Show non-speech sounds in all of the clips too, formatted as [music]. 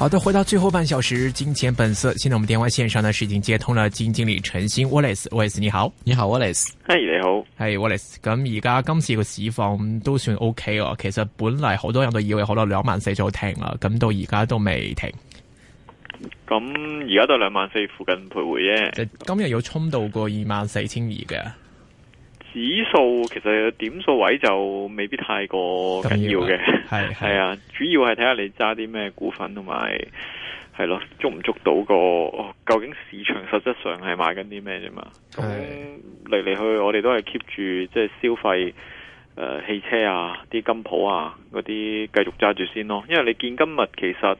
好的，回到最後半小時金錢本色。現在我們電話綫上呢，是已經接通了金經理陳昕 Wallace，Wallace 你好，你好 Wallace，h、hey, 嗨，你好，h 嗨 Wallace。咁而家今次個市況都算 OK 哦。其實本嚟好多人都以為好多兩萬四就停啦，咁到而家都未停。咁而家都兩萬四附近徘徊啫。今日有衝到過二萬四千二嘅。指數其實點數位就未必太過緊要嘅，係係 [laughs] 啊，是是主要係睇下你揸啲咩股份同埋，係咯、啊，捉唔捉到個、哦、究竟市場實質上係買緊啲咩啫嘛？咁嚟嚟去，去，我哋都係 keep 住即係、就是、消費誒、呃，汽車啊，啲金舖啊，嗰啲繼續揸住先咯。因為你見今日其實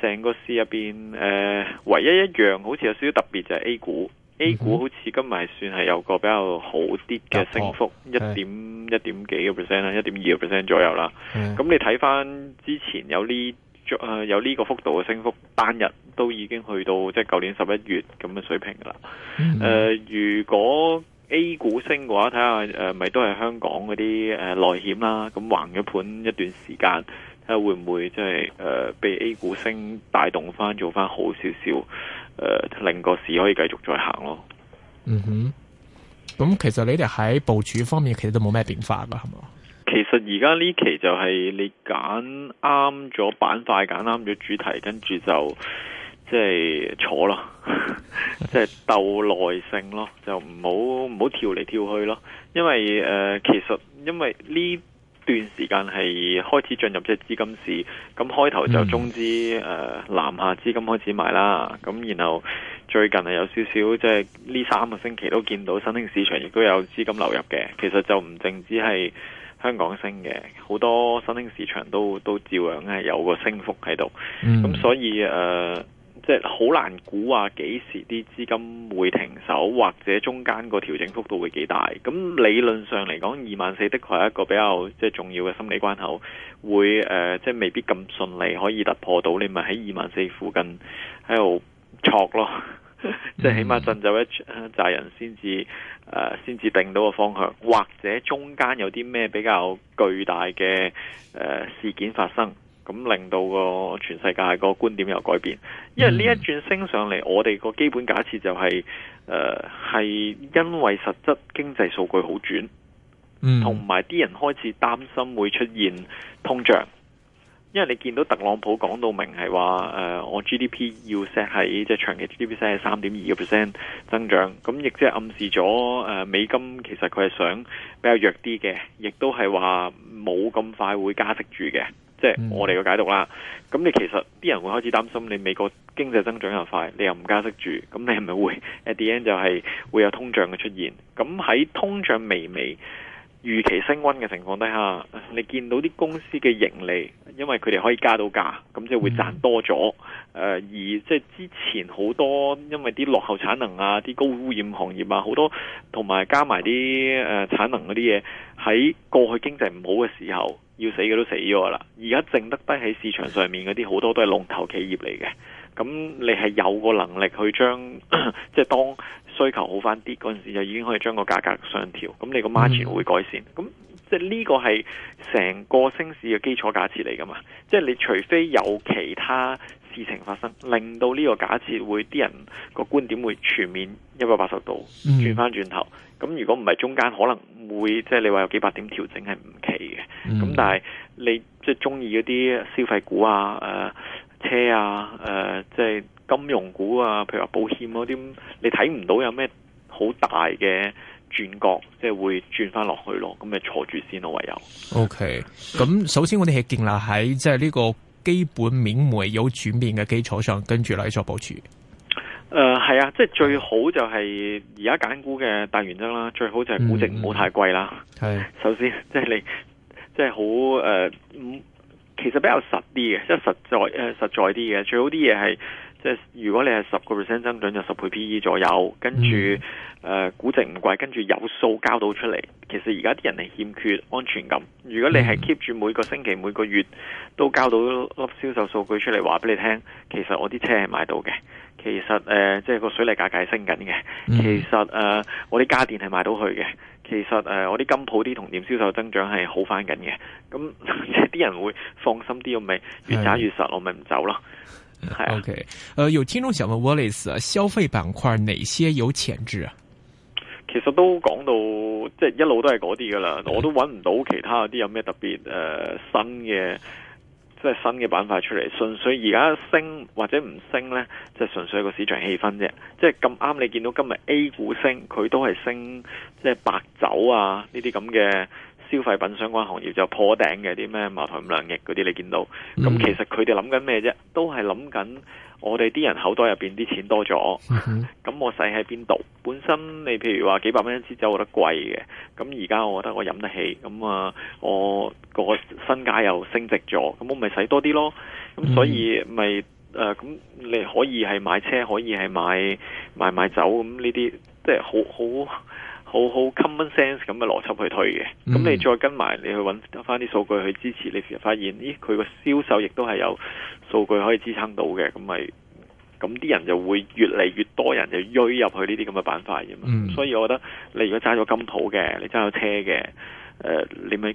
成個市入邊誒，唯一一樣好似有少少特別就係、是、A 股。A 股好似今日算係有個比較好啲嘅升幅，一點一點幾個 percent 啦，一點二個 percent 左右啦。咁 1. 的你睇翻之前有呢，誒、呃、有呢個幅度嘅升幅，單日都已經去到即係舊年十一月咁嘅水平啦。誒、嗯哼呃，如果 A 股升嘅話，睇下誒，咪、呃、都係香港嗰啲誒內險啦，咁橫咗盤一段時間，睇下會唔會即係誒被 A 股升帶動翻做翻好少少。誒、呃，令個市可以繼續再行咯。嗯哼，咁其實你哋喺部署方面其實都冇咩變化噶，係嘛？其實而家呢期就係你揀啱咗板塊，揀啱咗主題，跟住就即係、就係、坐咯，即係鬥耐性咯，就唔好唔好跳嚟跳去咯。因為誒、呃，其實因為呢。段時間係開始進入即係資金市，咁開頭就中資誒、嗯呃、南下資金開始買啦，咁然後最近係有少少即係呢三個星期都見到新興市場亦都有資金流入嘅，其實就唔淨止係香港升嘅，好多新興市場都都照樣咧有個升幅喺度，咁、嗯、所以誒。呃即係好難估啊！幾時啲資金會停手，或者中間個調整幅度會幾大？咁理論上嚟講，二萬四的確係一個比較即係重要嘅心理關口，會誒、呃、即係未必咁順利可以突破到。你咪喺二萬四附近喺度挫咯，即係起碼震走一紮人先至誒，先、呃、至定到個方向，或者中間有啲咩比較巨大嘅誒、呃、事件發生。咁令到個全世界個觀點又改變，因為呢一轉升上嚟，嗯、我哋個基本假設就係、是，誒、呃、係因為實質經濟數據好轉，同埋啲人開始擔心會出現通脹，因為你見到特朗普講到明係話，誒、呃，我 G D P 要 set 係即係長期 G D P set 喺三點二個 percent 增長，咁亦即係暗示咗誒、呃、美金其實佢係想比較弱啲嘅，亦都係話冇咁快會加息住嘅。即係我哋嘅解讀啦，咁你其實啲人會開始擔心，你美國經濟增長又快，你又唔加息住，咁你係咪會 at the end 就係會有通脹嘅出現？咁喺通脹微微預期升溫嘅情況底下，你見到啲公司嘅盈利，因為佢哋可以加到價，咁即係會賺多咗。誒、嗯呃、而即係之前好多因為啲落後產能啊、啲高污染行業啊，好多同埋加埋啲誒產能嗰啲嘢，喺過去經濟唔好嘅時候。要死嘅都死咗啦，而家剩得低喺市場上面嗰啲好多都係龍頭企業嚟嘅，咁你係有個能力去將即係、 [coughs] 就是、當需求好翻啲嗰陣時，就已經可以將個價格上調，咁你個 margin 會改善，咁即係呢個係成個升市嘅基礎價錢嚟噶嘛，即、就、係、是、你除非有其他。疫情發生，令到呢個假設會啲人個觀點會全面一百八十度、嗯、轉翻轉頭。咁如果唔係中間可能會即係你話有幾百點調整係唔奇嘅。咁、嗯、但係你即係中意嗰啲消費股啊、誒、呃、車啊、誒、呃、即係金融股啊，譬如話保險嗰啲，你睇唔到有咩好大嘅轉角，即係會轉翻落去咯。咁咪坐住先咯，唯有。OK。咁首先我哋係建立喺即係呢個。基本面未有轉變嘅基礎上，跟住嚟做部署。誒、呃，係啊，即係最好就係而家揀股嘅大原則啦，最好就係估值唔好太貴啦。係，首先即係你即係好誒、呃，其實比較實啲嘅，即係實在誒實在啲嘅，最好啲嘢係。即係如果你係十個 percent 增長就十倍 PE 左右，跟住誒、嗯呃、估值唔貴，跟住有數交到出嚟，其實而家啲人係欠缺安全感。如果你係 keep 住每個星期每個月都交到粒銷售數據出嚟，話俾你聽，其實我啲車係買到嘅，其實誒、呃、即係個水利價格係升緊嘅、嗯呃，其實誒、呃、我啲家電係買到去嘅，其實誒我啲金鋪啲同店銷售增長係好翻緊嘅，咁即係啲人會放心啲，我咪越揸越實，我咪唔走咯。 [laughs] 係、啊，OK，誒、uh，有聽眾想問 Wallace，消費板塊哪些有潛質啊？其實都講到即係、就是、一路都係嗰啲噶啦，我都揾唔到其他啲有咩特別誒、呃、新嘅，即係新嘅板塊出嚟。純粹而家升或者唔升咧，即、就、係、是、純粹個市場氣氛啫。即係咁啱你見到今日 A 股升，佢都係升，即係白酒啊呢啲咁嘅。這消費品相關行業就破頂嘅，啲咩茅台、五糧液嗰啲你見到，咁、mm hmm. 其實佢哋諗緊咩啫？都係諗緊我哋啲人口袋入邊啲錢多咗，咁、mm hmm. 我使喺邊度？本身你譬如話幾百蚊一支酒，我覺得貴嘅，咁而家我覺得我飲得起，咁啊，我個身家又升值咗，咁我咪使多啲咯。咁所以咪誒咁你可以係買車，可以係買買買酒咁呢啲，即係好好。好好 common sense 咁嘅邏輯去推嘅，咁你再跟埋你去揾得翻啲數據去支持，你發現咦，佢個銷售亦都係有數據可以支撐到嘅，咁咪咁啲人就會越嚟越多人就湧入去呢啲咁嘅板塊嘅嘛。嗯、所以我覺得你如果揸咗金土嘅，你揸咗車嘅，誒、呃、你咪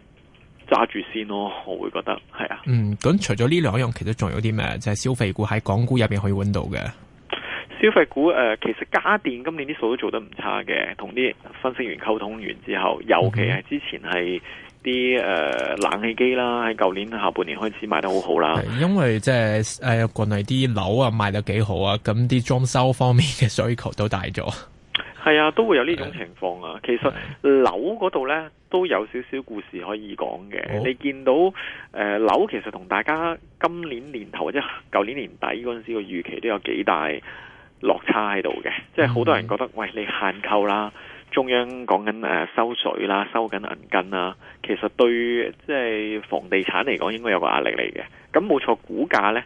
揸住先咯。我會覺得係啊。嗯，咁除咗呢兩樣，其實仲有啲咩即係消費股喺港股入面可以揾到嘅？消費股誒、呃，其實家電今年啲數都做得唔差嘅，同啲分析員溝通完之後，尤其係之前係啲誒冷氣機啦，喺舊年下半年開始賣得好好啦、嗯。因為即係誒國內啲樓啊賣得幾好啊，咁啲裝修方面嘅需求都大咗。係啊，都會有呢種情況啊。啊其實樓嗰度呢都有少少故事可以講嘅。好你見到誒、呃、樓其實同大家今年年頭或者舊年年底嗰陣時嘅預期都有幾大，落差喺度嘅，即係好多人覺得，喂你限購啦，中央講緊誒收水啦，收緊銀根啦，其實對即係房地產嚟講應該有個壓力嚟嘅。咁冇錯，股價呢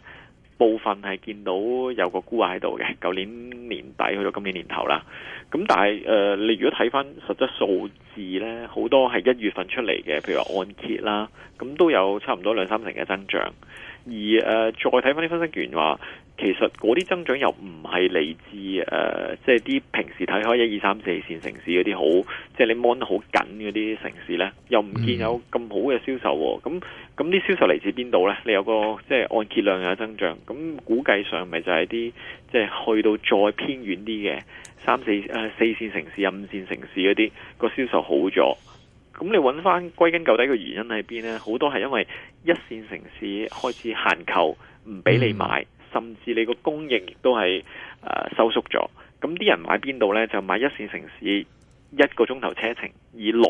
部分係見到有個估喺度嘅，舊年年底去到今年年頭啦。咁但係誒、呃，你如果睇翻實質數字呢，好多係一月份出嚟嘅，譬如話按揭啦，咁都有差唔多兩三成嘅增長。而誒、呃、再睇翻啲分析員話。其實嗰啲增長又唔係嚟自誒、呃，即係啲平時睇開一二三四線城市嗰啲好，即係你掹得好緊嗰啲城市呢，又唔見有咁好嘅銷售喎、哦。咁咁啲銷售嚟自邊度呢？你有個即係按揭量有增長，咁估計上咪就係啲即係去到再偏遠啲嘅三四誒、呃、四線城市、五線城市嗰啲個銷售好咗。咁你揾翻歸根究底嘅原因喺邊呢？好多係因為一線城市開始限購，唔俾你買。嗯。甚至你個供應亦都係誒收縮咗，咁啲人買邊度呢？就買一線城市一個鐘頭車程以內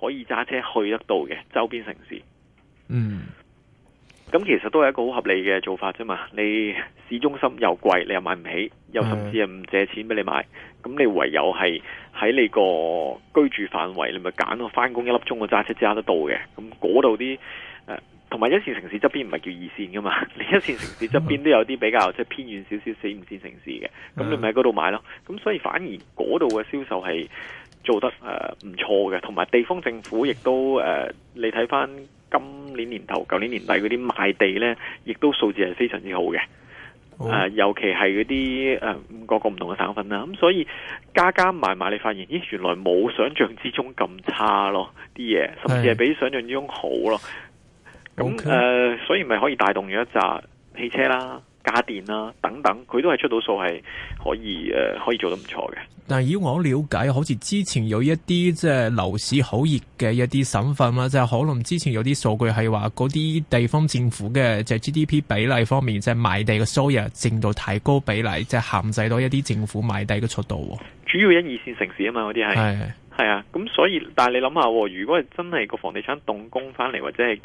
可以揸車去得到嘅周邊城市。嗯，咁其實都係一個好合理嘅做法啫嘛。你市中心又貴，你又買唔起，又甚至係唔借錢俾你買，咁你唯有係喺你個居住範圍，你咪揀咯。翻工一粒鐘，我揸車揸得到嘅，咁嗰度啲。同埋一線城市側邊唔係叫二線㗎嘛，你一線城市側邊都有啲比較即係、嗯、偏遠少少四五線城市嘅，咁你咪喺嗰度買咯。咁所以反而嗰度嘅銷售係做得誒唔、呃、錯嘅，同埋地方政府亦都誒、呃，你睇翻今年年頭、舊年年底嗰啲賣地呢，亦都數字係非常之好嘅。誒、哦呃，尤其係嗰啲誒各個唔同嘅省份啦。咁、啊、所以加加埋埋，你發現咦，原來冇想象之中咁差咯啲嘢，甚至係比想象之中好咯。嗯。咁誒那 Okay.、呃，所以咪可以帶動咗一扎汽車啦、家電啦等等，佢都係出到數係可以誒、呃，可以做得唔錯嘅。但係以我了解，好似之前有一啲即係樓市好熱嘅一啲省份啦，即、就、係、是、可能之前有啲數據係話嗰啲地方政府嘅即係 GDP 比例方面，即係賣地嘅收入佔到提高比例，即係限制到一啲政府賣地嘅速度。主要因二線城市啊嘛，嗰啲係係啊，咁的所以但係你諗下，如果係真係個房地產動工翻嚟或者係。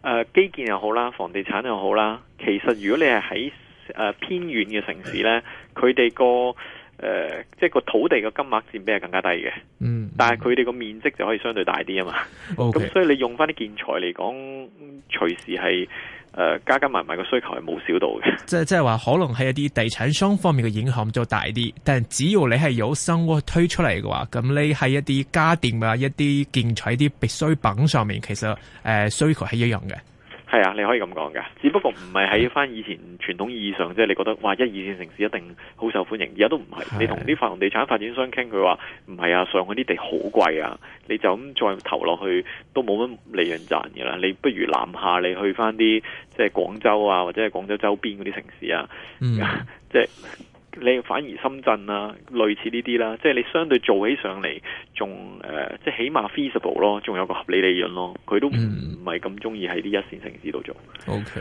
誒、呃，基建又好啦，房地產又好啦。其實如果你係喺誒偏遠嘅城市呢，佢哋個誒即係個土地嘅金額佔比係更加低嘅。嗯，嗯，但係佢哋個面積就可以相對大啲啊嘛。咁 okay. 所以你用返啲建材嚟講，隨時係。誒、呃，加加埋埋個需求係冇少到嘅，即係即係話可能係一啲地產商方面嘅影響就大啲，但係只要你係有生活推出嚟嘅話，咁你喺一啲家電啊、一啲建材、一啲必需品上面，其實誒、呃、需求係一樣嘅。係啊，你可以咁講噶，只不過唔係喺返以前傳統意義上，即、就、係、是、你覺得哇，一二線城市一定好受歡迎，而家都唔係。你同啲房地產發展商傾，佢話唔係啊，上海啲地好貴啊，你就咁再投落去都冇乜利潤賺嘅啦，你不如南下你去返啲即係廣州啊，或者係廣州周邊嗰啲城市啊，嗯、 [laughs] 即係。你反而深圳啊，類似呢啲啦，即係你相對做起上嚟，仲誒、呃，即係起碼 feasible 咯，仲有個合理利潤咯，佢都唔唔係咁中意喺啲一線城市度做。OK，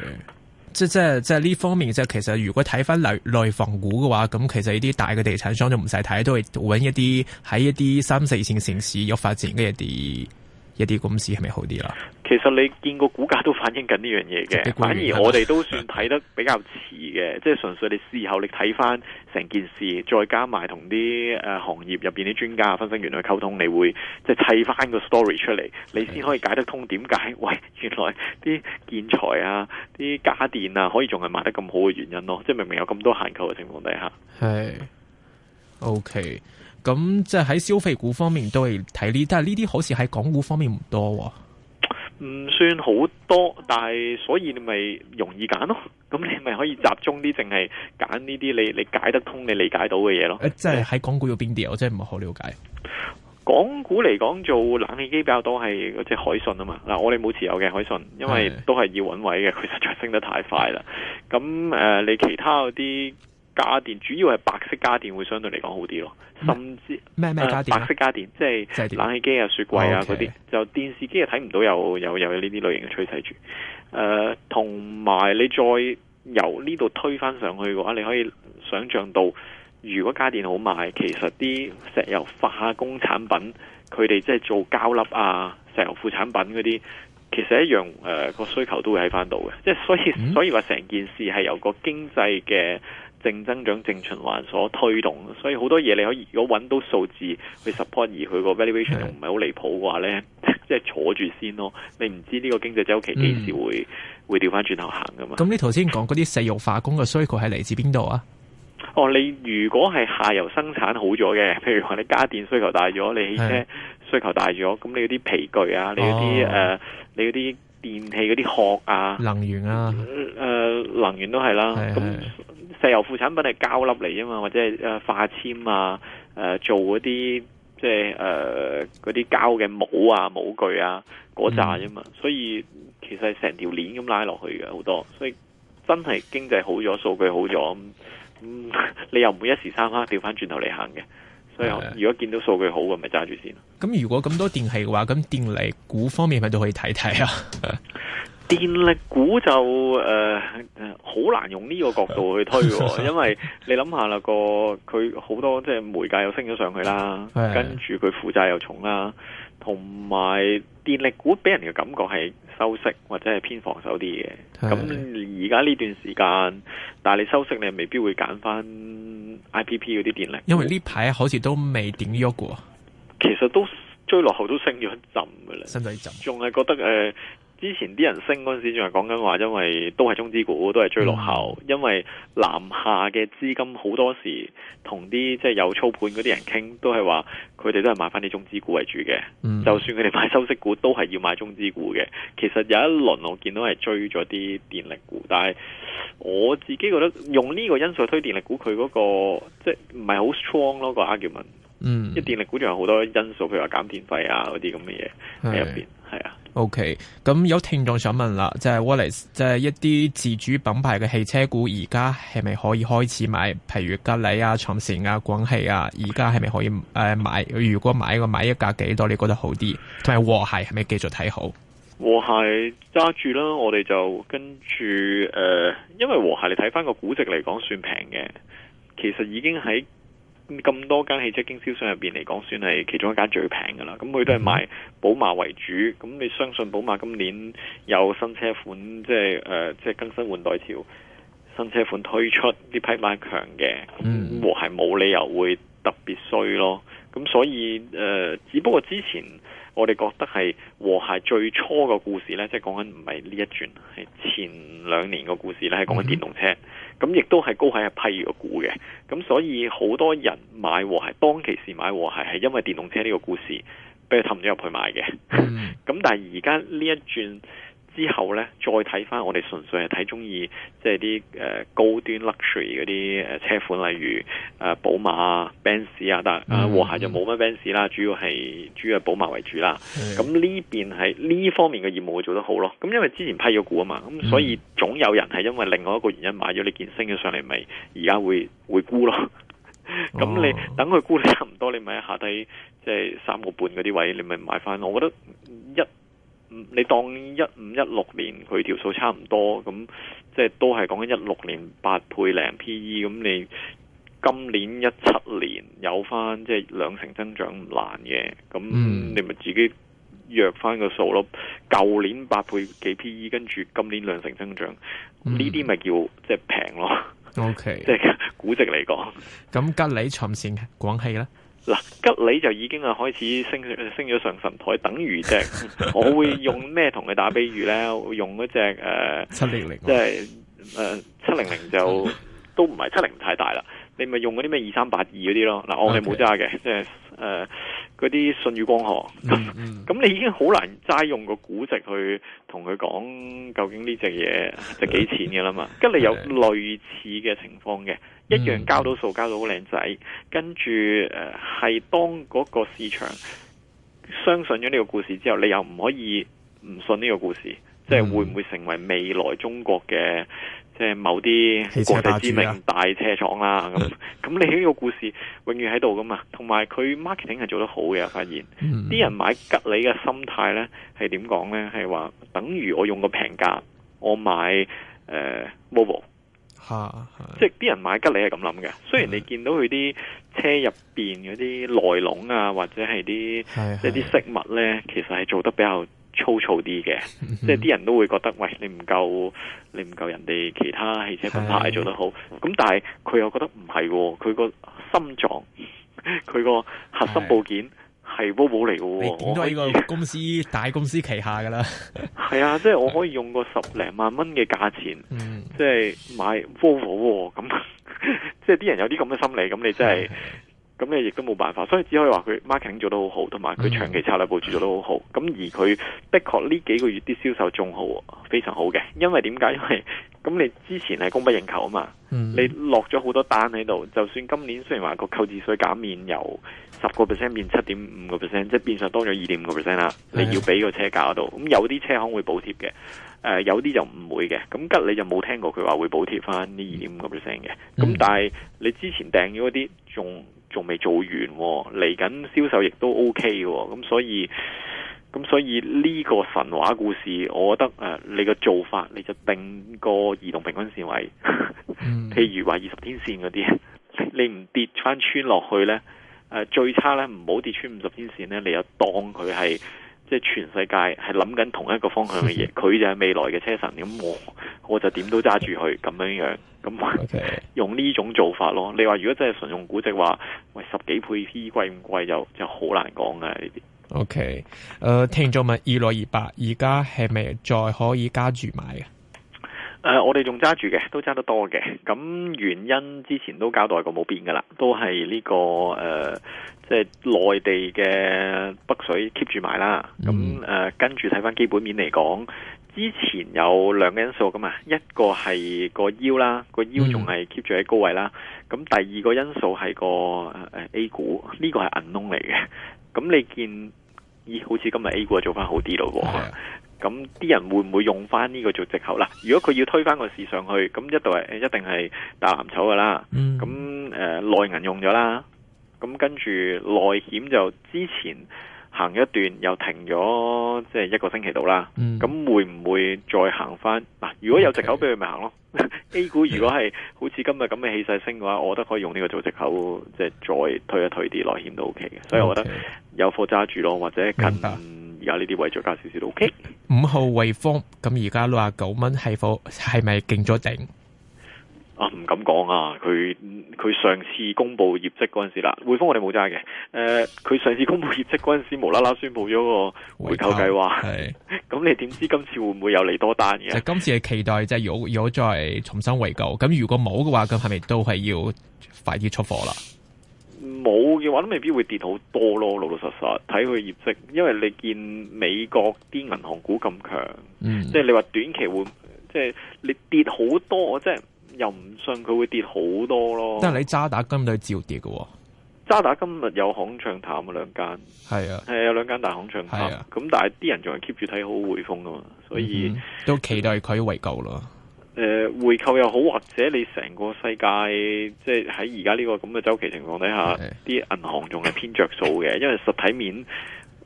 即係即係即係呢方面，即係其實如果睇翻內內房股嘅話，咁其實啲大嘅地產商都唔使睇，都係揾一啲喺一啲三四線城市有發展嘅一啲。一啲公司係咪好啲啦？其實你見個股價都反映緊呢樣嘢嘅，反而我哋都算睇得比較遲嘅， [laughs] 即係純粹你事考後你睇翻成件事，再加埋同啲誒行業入邊啲專家、分析員去溝通，你會即係砌翻個 story 出嚟，你先可以解得通點解？喂，原來啲建材啊、啲家電啊，可以仲係賣得咁好嘅原因咯，即係明明有咁多限購嘅情況底下。係 [laughs] [laughs] ，OK。咁即係喺消費股方面都係睇呢，但係呢啲好似喺港股方面唔多、啊，唔算好多，但係所以你咪容易揀咯。咁你咪可以集中啲，淨係揀呢啲你你解得通、你理解到嘅嘢咯。即係喺港股有邊啲是我真係唔係好了解。港股嚟講做冷氣機比較多係嗰隻海信啊嘛。嗱、啊，我哋冇持有嘅海信，因為都係要揾位嘅，佢實在升得太快啦。咁誒是、呃，你其他嗰啲。家電主要係白色家電會相對嚟講好啲咯，甚至咩咩家電啊？呃，白色家電即係冷氣機啊、雪櫃啊嗰啲，Okay. 就電視機係睇唔到有有有呢啲類型嘅趨勢住。誒、呃，同埋你再由呢度推返上去嘅話，你可以想象到如果家電好賣，其實啲石油化工產品，佢哋即係做膠粒啊、石油副產品嗰啲。其實一樣誒，個、呃、需求都會喺翻度嘅，即係所以所以話成件事係由個經濟嘅正增長、正循環所推動。所以好多嘢你可以如果揾到數字去 support，而佢個 valuation 唔係好離譜嘅話咧，即係坐住先咯。你唔知呢個經濟周期幾時會、嗯、會調翻轉頭行噶嘛？咁你頭先講嗰啲細肉化工嘅需求係嚟自邊度啊？哦，你如果係下游生產好咗嘅，譬如話你家電需求大咗，你汽車需求大咗，咁你啲皮具啊，你啲誒。哦你嗰啲電器嗰啲殼啊，能源啊，誒、呃，能源都係啦。咁是的 石油副產品係膠粒嚟啊嘛，或者係誒化纖啊，誒、呃、做嗰啲即係誒啲膠嘅帽啊、模具啊嗰扎啊嘛。嗯、所以其實成條鏈咁拉落去嘅好多，所以真係經濟好咗，數據好咗，咁、嗯、你又唔會一時三刻掉翻轉頭嚟行嘅。 [noise] 如果見到數據好嘅，咪揸住先。咁如果咁多電器嘅話，咁電力股方面咪都可以睇睇啊？ [laughs] 電力股就誒，呃，好難用呢個角度去推喎， [laughs] 因為你諗下啦，個佢好多即係煤價又升咗上去啦， [laughs] 跟住佢負債又重啦，同埋電力股俾人嘅感覺係收息或者係偏防守啲嘅。咁而家呢段時間，但係你收息你未必會揀翻。I P P 嗰啲電力，因為呢排好似都未點喐過，其實都追落後都升咗一浸噶啦，升咗浸，仲係覺得誒。呃之前啲人升嗰時，仲係講緊話，因為都係中資股，都係追落後。嗯、因為南下嘅資金好多時同啲即係有操盤嗰啲人傾，都係話佢哋都係買翻啲中資股為主嘅。嗯、就算佢哋買收息股，都係要買中資股嘅。其實有一輪我見到係追咗啲電力股，但係我自己覺得用呢個因素推電力股，佢嗰、個即係唔係好 strong 咯、個 argument。嗯，即係電力股仲有好多因素，譬如話減電費啊嗰啲咁嘅嘢喺入邊。係啊，OK，咁有聽眾想問啦，即、就、係、是、Wallace，即係一啲自主品牌嘅汽車股，而家係咪可以開始買？譬如吉利啊、長城啊、廣汽啊，而家係咪可以誒買、呃、買？如果買個買一架幾多？你覺得好啲？同埋和諧係咪繼續睇好？和諧揸住啦，我哋就跟住誒、呃，因為和諧你睇翻個估值嚟講算平嘅，其實已經喺。咁多間汽車經銷商入邊嚟講，算係其中一間最平㗎啦。咁佢都係賣寶馬為主。咁你相信寶馬今年有新車款，即係誒、呃，即係更新換代潮，新車款推出啲批買強嘅，和諧冇理由會特別衰咯。咁所以誒、呃，只不過之前我哋覺得係和諧最初個故事呢，即係講緊唔係呢一轉，係前兩年個故事呢，係講緊電動車。嗯。咁亦都係高企一批個股嘅，咁所以好多人買和諧，當其時買和諧係因為電動車呢個故事俾佢氹咗入去買嘅。咁 [laughs] 但係而家呢一轉。之後呢，再睇翻我哋純粹係睇中意即係啲誒高端 luxury 嗰啲誒車款，例如誒、呃、寶馬、Benz 啊，但係和諧就冇乜 Benz 啦，主要係主要係寶馬為主啦。咁呢邊係呢方面嘅業務會做得好咯。咁因為之前批咗股啊嘛，咁所以總有人係因為另外一個原因買咗你件升咗上嚟，咪而家會會沽咯。咁你等佢估沽差唔多，你咪下低即係三個半嗰啲位，你咪買翻。我覺得一。你當一五一六年佢條數差唔多，咁即係都係講緊一六年八倍零 P E，咁你今年一七年有翻即係兩成增長唔難嘅，咁、嗯、你咪自己約翻個數咯。舊年八倍幾 P E，跟住今年兩成增長，呢啲咪叫即係平咯。O K，即係估值嚟講、嗯，咁吉利、秦始、廣汽咧。嗱，吉利就已經啊開始升升咗上神台，等於隻，我會用咩同佢打比喻咧？我會用嗰隻七零零，即係誒七零零就都唔係七零太大啦。你咪用嗰啲咩二三八二嗰啲咯。嗱、呃，我係冇揸嘅，即係誒。呃嗰啲信譽光學，咁、嗯嗯、 [laughs] 你已經好難齋用個估值去同佢講究竟呢隻嘢值幾錢嘅啦嘛，跟你有類似嘅情況嘅，嗯、一樣交到數，交到好靚仔，跟住誒係當嗰個市場相信咗呢個故事之後，你又唔可以唔信呢個故事，即係會唔會成為未來中國嘅？即係某啲國際知名大車廠啦，咁咁 [laughs] 你呢個故事永遠喺度噶嘛？同埋佢 marketing 係做得好嘅，發現啲、嗯、人買吉利嘅心態咧係點講咧？係話等於我用個平價，我買誒 Volvo 吓，呃 Volvo、 [laughs] 即係啲人買吉利係咁諗嘅。雖然你見到佢啲車入邊嗰啲內籠啊，或者係啲即係啲飾物咧，其實係做得比較粗糙啲嘅，即係啲人都會覺得，喂，你唔夠，你唔夠人哋其他汽車品牌做得好。咁、啊、但係佢又覺得唔係、哦，佢個心臟，佢個核心部件係 Volvo 嚟嘅。你點都係一個公司 [laughs] 大公司旗下噶啦。係 [laughs] 啊，即係我可以用個十零萬蚊嘅價錢，即係買 Volvo 咁、哦，即係啲人有啲咁嘅心理，咁你真係。咁你亦都冇辦法，所以只可以話佢 marketing 做得好好，同埋佢長期策略部署做得好好。咁而佢的確呢幾個月啲銷售仲好，非常好嘅。因為點解？因為咁你之前係供不應求啊嘛，你落咗好多單喺度。就算今年雖然話個購置稅減免由十個 percent 變七點五個 percent，即係變相多咗二點五個 percent 啦。你要俾個車價度，咁有啲車行會補貼嘅，誒、呃、有啲就唔會嘅。咁吉你就冇聽過佢話會補貼翻呢二點五個 percent 嘅。咁但係你之前訂咗一啲仲。仲未做完嚟緊銷售亦都 OK 嘅，咁所以咁所以呢個神話故事，我覺得誒、呃，你個做法你就定個移動平均線位， [laughs] 譬如話二十天線嗰啲，你唔跌翻穿落去呢，誒、呃、最差呢唔好跌穿五十天線呢。你又當佢係即係全世界係諗緊同一個方向嘅嘢，佢 [laughs] 就係未來嘅車神咁我。我就點都揸住佢咁樣樣，咁 Okay. 用呢種做法咯。你話如果真係純用估值話，喂十幾倍 P 貴唔貴就就好難講嘅呢啲。OK，誒、呃、聽眾問二六二八而家係咪再可以加住買嘅？誒、呃，我哋仲揸住嘅，都揸得多嘅。咁原因之前都交代過冇變嘅啦，都係呢、這個誒、呃，即係內地嘅北水 keep 住買啦。咁誒跟住睇翻基本面嚟講。之前有兩個因素㗎嘛，一個係個腰啦，個腰仲係 keep 住喺高位啦。咁第二個因素係個誒誒 A 股，呢個係銀窿嚟嘅。咁你見咦？好似今日 A 股做返好啲咯喎。咁啲人會唔會用返呢個做藉口啦？如果佢要推返個市上去，咁一度係一定係大藍籌㗎啦。咁誒內銀用咗啦，咁跟住內險就之前。行一段又停咗，即係一個星期度啦。咁、嗯、會唔會再行翻？嗱，如果有借口俾佢，咪行咯。A 股如果係好似今日咁嘅氣勢升嘅話，我覺得可以用呢個做借口，即係再推一推啲內險都 OK 嘅。所以我覺得有貨揸住咯，或者近而家呢啲位再加少少都 OK。五號匯豐咁而家六啊九蚊，係貨係咪勁咗定？啊，唔敢講啊！佢佢上次公布業績嗰陣時啦，匯豐我哋冇揸嘅。誒、呃，佢上次公布業績嗰陣時，無啦啦宣佈咗個回購計劃。係，咁 [laughs] 你點知今次會唔會有嚟多單嘅？今次嘅期待就係有有再重新回購。咁如果冇嘅話，咁係咪都係要快啲出貨啦？冇嘅話都未必會跌好多咯。老老實實睇佢業績，因為你見美國啲銀行股咁強，嗯、即係你話短期會，即係你跌好多，即係。又唔信佢會跌好多咯，但係你渣打今日照跌㗎喎，渣打今日有行唱淡啊兩間，係啊，係有、嗯、兩間大行唱淡，咁、啊、但係啲人仲係 keep 住睇好匯豐啊嘛，所以、嗯、都期待佢回購咯。誒、呃，回購又好，或者你成個世界，即係喺而家呢個咁嘅周期情況底下，啲是銀行仲係偏着數嘅，因為實體面。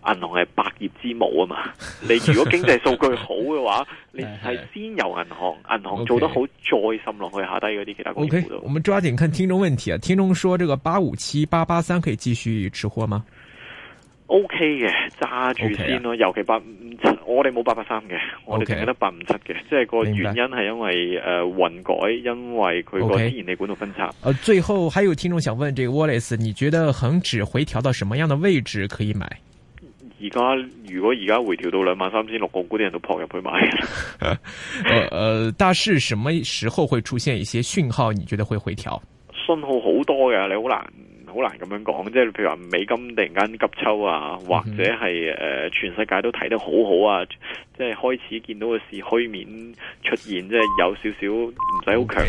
銀行係百業之母啊嘛，你如果經濟數據好嘅話， [laughs] 你係先由銀行，銀行做得好 Okay. 再滲落去下低嗰啲其他公司。O Okay . K，我們抓緊看聽眾問題啊！聽眾說：這個八五七八八三可以繼續持貨嗎？O K 嘅揸住先咯，啊，Okay. 尤其，八五七，我哋冇八八三嘅，我哋淨係得八五七嘅。Okay. 即係個原因係因為誒混白、呃、改，因為佢個天然氣管道分叉、okay. 啊。最後還有聽眾想問：這個 Wallace，你覺得恒指回調到什麼樣的位置可以買？而家如果而家回調到兩萬三千六，我估啲人都撲入去買。誒 [laughs] 誒，大 [noise] 市、呃呃、什麼時候會出現一些訊號？你覺得會回調？訊號好多嘅，你好難好難咁樣講。即係譬如話美金突然間急抽啊，或者係誒、呃、全世界都睇得好好啊，即係開始見到嘅是虛面出現，即係有少少唔使好強。Okay.